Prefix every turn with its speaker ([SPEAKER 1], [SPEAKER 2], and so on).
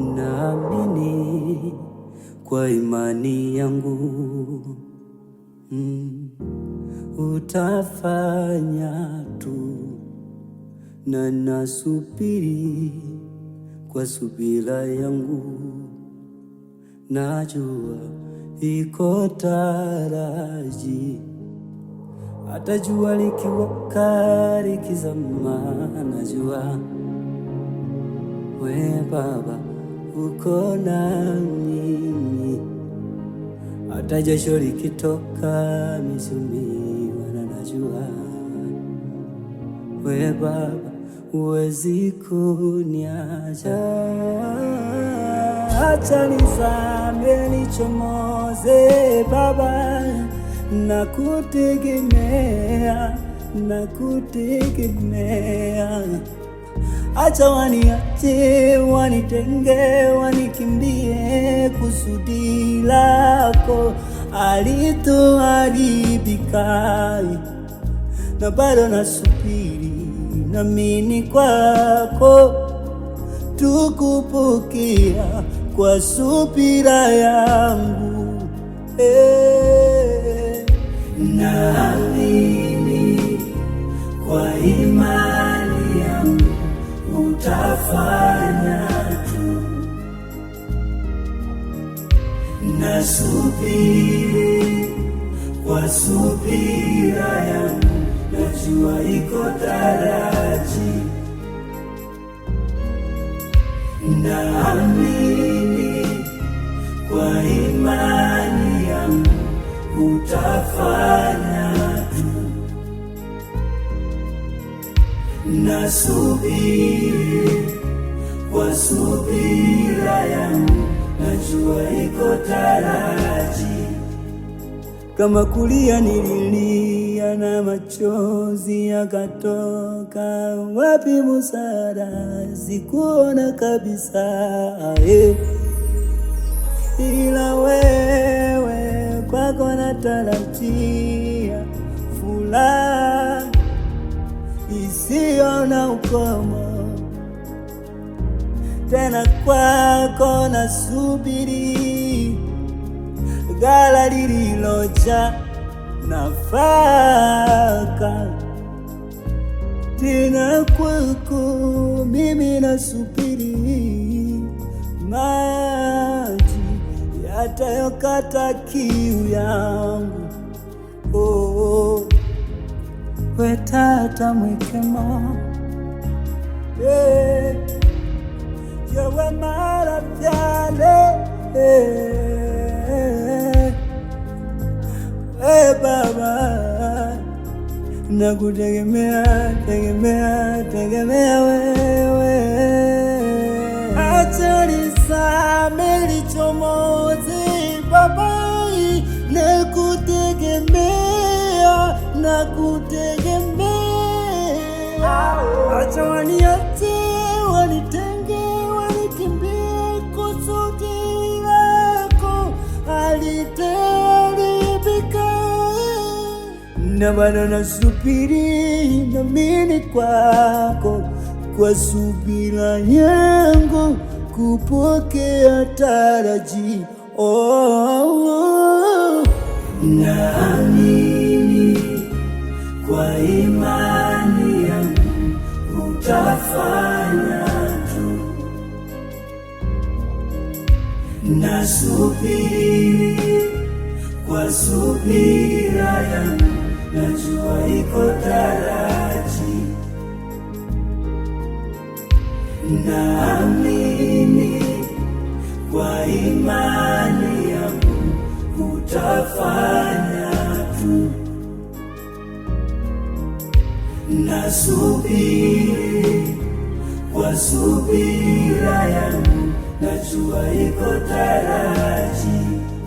[SPEAKER 1] naamini kwa imani yangu mm, utafanya tu, na nasubiri kwa subira yangu, najua iko taraji hata jua likiwa kali najua we Baba uko nami, hata jasho likitoka misumbi, najua we Baba uwezi kuniacha. Acha nizame nichomoze Baba, nakutegemea, nakutegemea acha waniache, wanitenge, wanikimbie, kusudi lako alituharibikaye na bado nasubiri, namini kwako tukupukia kwa subira
[SPEAKER 2] yangu hey. Eh. nasubiri kwa subira yangu, najua iko taraji, naamini kwa imani yangu utafanya tu, nasubiri kwa subira taraji,
[SPEAKER 1] kama kulia nililia na machozi yakatoka, wapi musara, sikuona kabisa Ila wewe kwako natarajia furaha isiyo na ukomo tena kwako nasubiri, ghala lililojaa nafaka. Tena kwako mimi subiri maji yatayokata kiu yangu. Oh, we tata mwikema, yeah vyowe mara vyale we Baba, nakutegemea tegemea tegemea wewe, acha nisame lichomozi Baba, nakutegemea nakutegemea, acha niache na bado nasubiri dhamini kwako kwa subira yangu kupokea taraji oh,
[SPEAKER 2] oh, oh. Naamini kwa imani yangu utafanya tu, nasubiri kwa subira yangu najua iko taraji, naamini kwa imani yangu
[SPEAKER 1] utafanya
[SPEAKER 2] tu, nasubiri kwa subira yangu, najua iko taraji